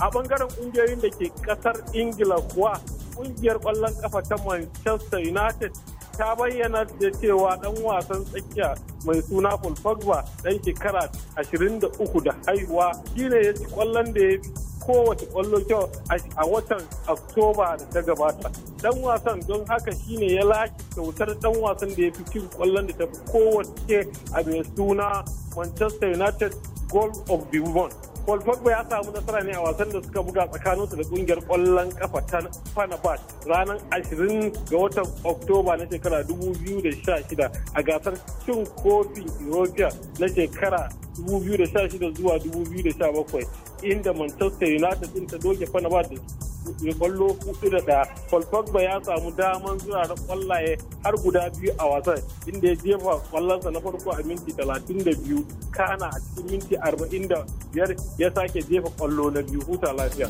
a bangaren kungiyoyin da ke kasar ingila kuwa kungiyar kwallon kafa ta manchester united ta bayyana da cewa dan wasan tsakiya mai suna Paul dan shekara 23 da haihuwa shine ya ci kwallon da ya fi kowace kwallo kyau a watan Oktoba da ta gabata. Dan wasan don haka shine ya lashe kyautar dan wasan da ya fi cin kwallon da ta fi kowace a mai suna Manchester United Goal of the Month. Paul Pogba ya samu nasara ne a wasan da suka buga tsakaninsu da kungiyar kwallon kafa ta Fanabat ranar 20 ga watan Oktoba na shekara 2016 a gasar cin kofin European na shekara 2016 zuwa 2017 inda Manchester United din ta doke Fanabat kwallo hudu da daya Paul Pogba ya samu daman zuwa da kwallaye har guda biyu a wasan inda ya jefa kwallonsa na farko a minti talatin da biyu kana a cikin minti arba'in da 45 ya sake jefa kwallo na biyu huta lafiya.